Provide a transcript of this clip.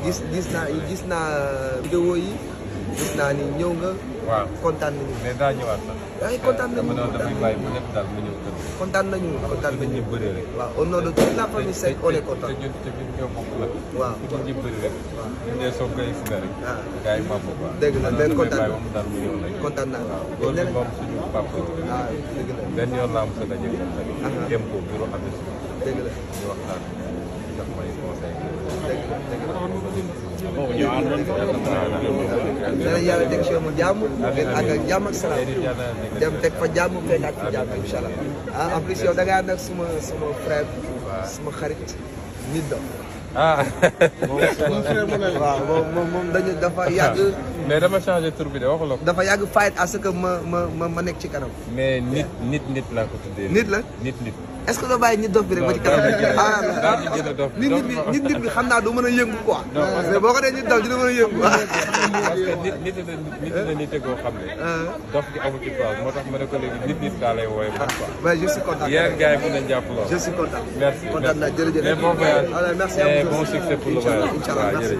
gis gis naa gis naa vidéo yi gis naa ni ñëw nga. waaw kontaan nañu. mais daa ñëwaat sax. ay kontaan nañu damay bàyyi bu nekk daal mu ñëw kër. kontaan nañu kontaan nañu ñu bëri rek. waaw au nom de toute la famille Seck on est content. te ñun te ñun ñoo bokk nag. waaw ku ñu bëri rek. waaw ñu ne soo koy gis nga rek. waaw ah. gars yi maa bokk waaw. dëgg la benn kontaan naa daal mu ñëw rek. kontaan naa waaw loolu bi moom suñu papa. waaw ah, dëgg la benn yoon la am sa daje. Ah. dem ko bureau amee suñu. dëgg la ñu waxtaan daf may conseil dana yàlla teg si yow mu jàmm fekk ak ak jàmm ak salaam dem teg fa jàmm fekk ak fa jàmm incha allah ah en plus yow da ngaa nag suma suma frère suma xarit nit dox ah moom moom moom dañu dafa yàgg mais dama changé tur bi de waxuloo dafa yàgg fight à que ma ma nekk ci kanam. mais nit nit nit laa ko tuddee. nit la nit nit. est ce que doo bàyyi nit dof bi xam naa du man a yëngu quoi. mais boo ko dee nit dof dina mën a yëngu. nit nit nit la xam ne. Ah. dof moo tax ma ne ko léegi nit nit daa lay wooyee man quoi. waaye je suis content. yéen gars yi je suis content. merci mais bon voyage. voilà merci et bon